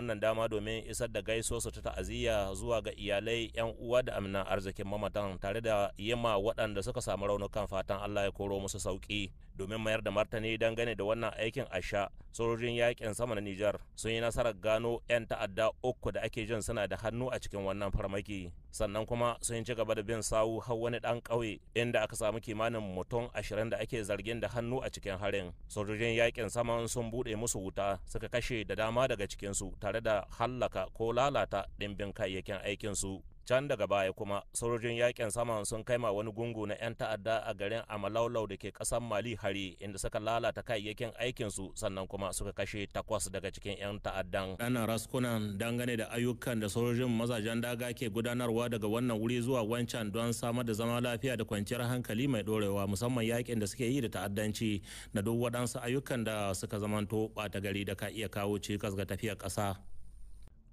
wannan dama domin isar da su ta ta'aziyya zuwa ga iyalai yan uwa da amina arzikin mamatan tare da yima waɗanda suka samu raunukan fatan allah ya koro musu sauki domin mayar da martani dangane da wannan aikin asha sojojin yakin sama na Nijar sun yi nasarar gano 'yan ta'adda uku da ake jin suna da hannu a cikin wannan farmaki sannan kuma sun ci gaba da bin sawu har wani dan ƙauye inda aka samu kimanin mutum ashirin da ake zargin da hannu a cikin harin sojojin yakin sama sun bude musu wuta suka kashe da dama daga cikinsu tare da hallaka ko lalata ɗimbin kayayyakin aikinsu can daga baya kuma sojojin yakin saman sun kaima wani gungu na 'yan ta'adda a garin amalaulau da ke kasan mali hari inda suka lalata kayayyakin aikinsu sannan kuma suka kashe takwas daga cikin 'yan ta'addan ana raskunan dangane da ayyukan da sojojin mazajen daga ke gudanarwa daga wannan wuri zuwa wancan don samar da zama lafiya da kwanciyar hankali mai ɗorewa musamman yakin da suke yi da ta'addanci da duk waɗansu ayyukan da suka zamanto ɓata gari da ka iya kawo cikas ga tafiyar ƙasa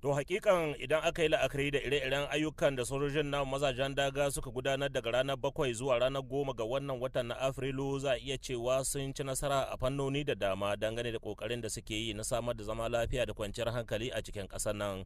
to hakikan idan aka yi la'akari da ire-iren ayyukan da sojojin na mazajen daga suka gudanar daga ranar bakwai zuwa ranar goma ga wannan watan na afrilu za a iya cewa sun ci nasara a fannoni da dama dangane da kokarin da suke yi na samar da zama lafiya da kwanciyar hankali a cikin kasar nan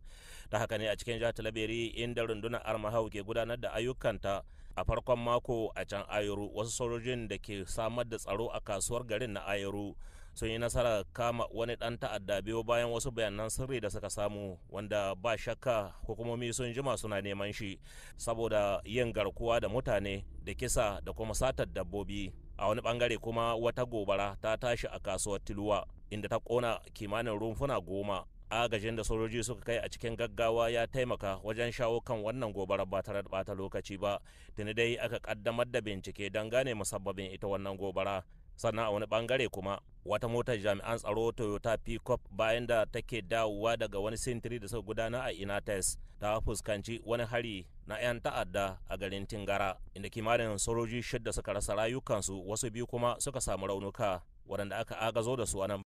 da haka ne a cikin jihar talabiri inda rundunar armahau ke gudanar da ayyukanta a farkon mako a can ayoro wasu sojojin da ke samar da tsaro a kasuwar garin na ayoro sun yi nasara kama wani dan ta'adda biyu bayan wasu bayanan sirri da suka samu wanda ba shakka hukumomi sun jima suna neman shi saboda yin garkuwa da mutane da kisa da kuma satar dabbobi a wani bangare kuma wata gobara ta tashi a kasuwar tiluwa inda ta kona kimanin rumfuna goma agajin da sojoji suka kai a cikin gaggawa ya taimaka wajen shawo kan wannan gobarar ba tare da bata lokaci ba tuni dai aka kaddamar da bincike don gane musabbabin ita wannan gobara sannan a wani bangare kuma wata motar jami'an tsaro toyota pickup bayan da take dawowa daga wani sintiri da suka gudana a inates ta fuskanci wani hari na 'yan ta'adda a garin tingara inda kimanin sojoji shidda suka rasa rayukansu wasu biyu kuma suka samu raunuka waɗanda aka agazo da su a nan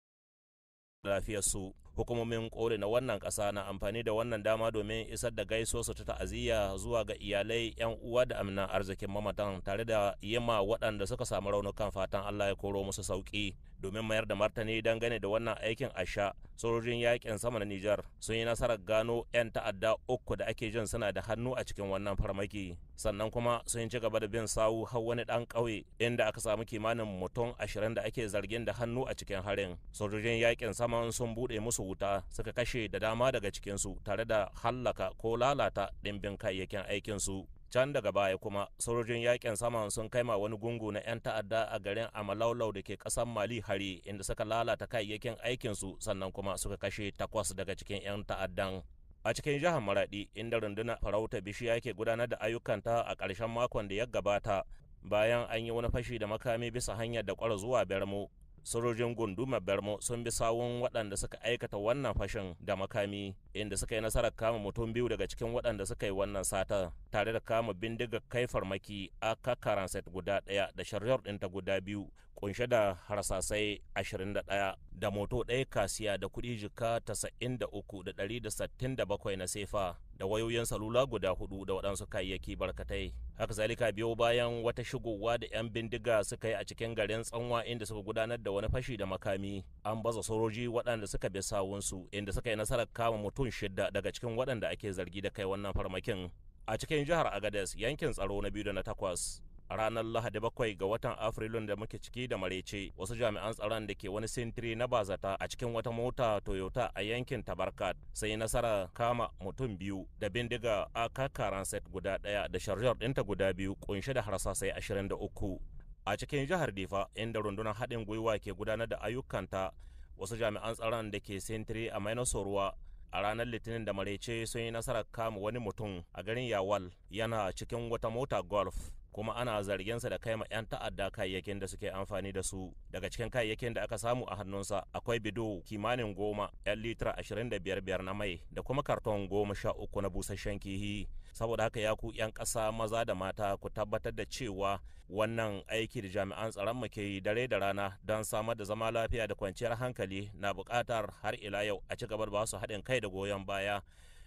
lafiyarsu hukumomin kore na wannan kasa na amfani da wannan dama domin isar da su ta ta'aziyya zuwa ga iyalai yan uwa da amina arzikin mamatan tare da yima waɗanda suka samu raunukan fatan allah ya koro musu sauki domin mayar da martani dangane da wannan aikin asha sojojin yakin sama na nijar sun yi nasarar gano 'yan ta'adda uku da ake jin suna da hannu a cikin wannan farmaki sannan kuma sun ci gaba da bin sawu har wani dan ƙauye inda aka samu kimanin mutum ashirin da ake zargin da hannu a cikin harin sojojin yakin saman sun bude musu wuta suka kashe da dama daga cikinsu tare da hallaka ko lalata ɗimbin kayayyakin aikinsu can daga baya kuma sojojin yakin saman sun kai ma wani gungu na 'yan ta'adda a garin amalaulau da ke kasan mali hari inda suka lalata kayayyakin aikinsu sannan kuma suka kashe takwas daga cikin 'yan ta'addan a cikin jihar maradi inda rundunar farauta bishiya ke gudanar da ayyukanta a ƙarshen makon da ya gabata bayan an yi wani fashi da makami bisa hanyar da kwara zuwa bermo sojojin gundumar bermo sun bi sawun waɗanda suka aikata wannan fashin da makami inda suka yi nasarar kama mutum biyu daga cikin waɗanda suka yi wannan sata tare da kama bindigar kai farmaki aka karanset guda ɗaya da shari'ar ɗinta guda biyu kunshe da harsasai 21 da moto ɗaya kasiya da kuɗi jika 93,167 na sefa da wayoyin salula guda hudu da waɗansu kayayyaki barkatai haka zalika biyo bayan wata shigowa da 'yan bindiga suka yi a cikin garin tsanwa inda suka gudanar da wani fashi da makami an baza sojoji waɗanda suka bi sawunsu inda suka yi nasarar kama mutum shida daga cikin waɗanda ake zargi da kai wannan farmakin a cikin jihar agadez yankin tsaro na biyu da na takwas a ranar lahadi bakwai ga watan afrilun da muke ciki da marece wasu jami'an tsaron da ke wani sintiri na bazata a cikin wata mota toyota a yankin tabarkat sai nasara kama mutum biyu da bindiga aka karan set guda daya da sharjar dinta guda biyu kunshe da harsasai 23 a cikin jihar difa inda rundunar haɗin gwiwa ke gudanar da ayyukanta wasu jami'an tsaron da ke sintiri a ruwa a ranar litinin da marece sun yi nasarar kama wani mutum a garin yawal yana cikin wata mota golf kuma ana zarginsa da kai ma 'yan ta'adda kayayyakin da suke amfani da su daga cikin kayayyakin da aka samu a hannunsa akwai bido kimanin goma 'yan litra 25 biyar na mai da kuma karton goma sha uku na busasshen kihi saboda haka ya ku 'yan kasa maza da mata ku tabbatar da cewa wannan aiki da jami'an tsaron mu ke dare da rana don samar da zama lafiya da kwanciyar hankali na bukatar har ila yau a ci gaba da ba haɗin kai da goyon baya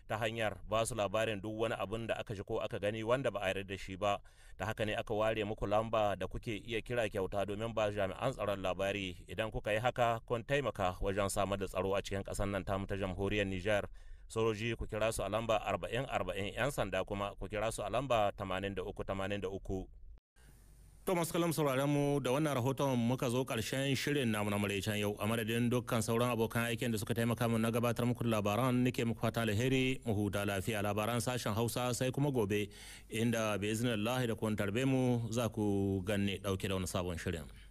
ta hanyar ba su labarin duk wani abin da aka ji ko aka gani wanda ba a yarda da shi ba ta haka ne aka ware muku lamba da kuke iya kira kyauta domin ba jami'an tsaron labari idan kuka yi haka kun taimaka wajen samar da tsaro a cikin ƙasar nan tamu ta jamhuriyar niger sojoji ku kira su a lamba 40 40 'yan sanda kuma ku kira su a lamba 83 83 To masu kalam sauraron mu da wannan rahoton muka zo karshen shirin namu na maraicen yau a madadin dukkan sauran abokan aikin da suka taimaka min na gabatar muku labaran nake muku fata alheri mu huta lafiya labaran sashen Hausa sai kuma gobe inda bi da kun tarbe mu za ku ganne dauke da wani sabon shirin.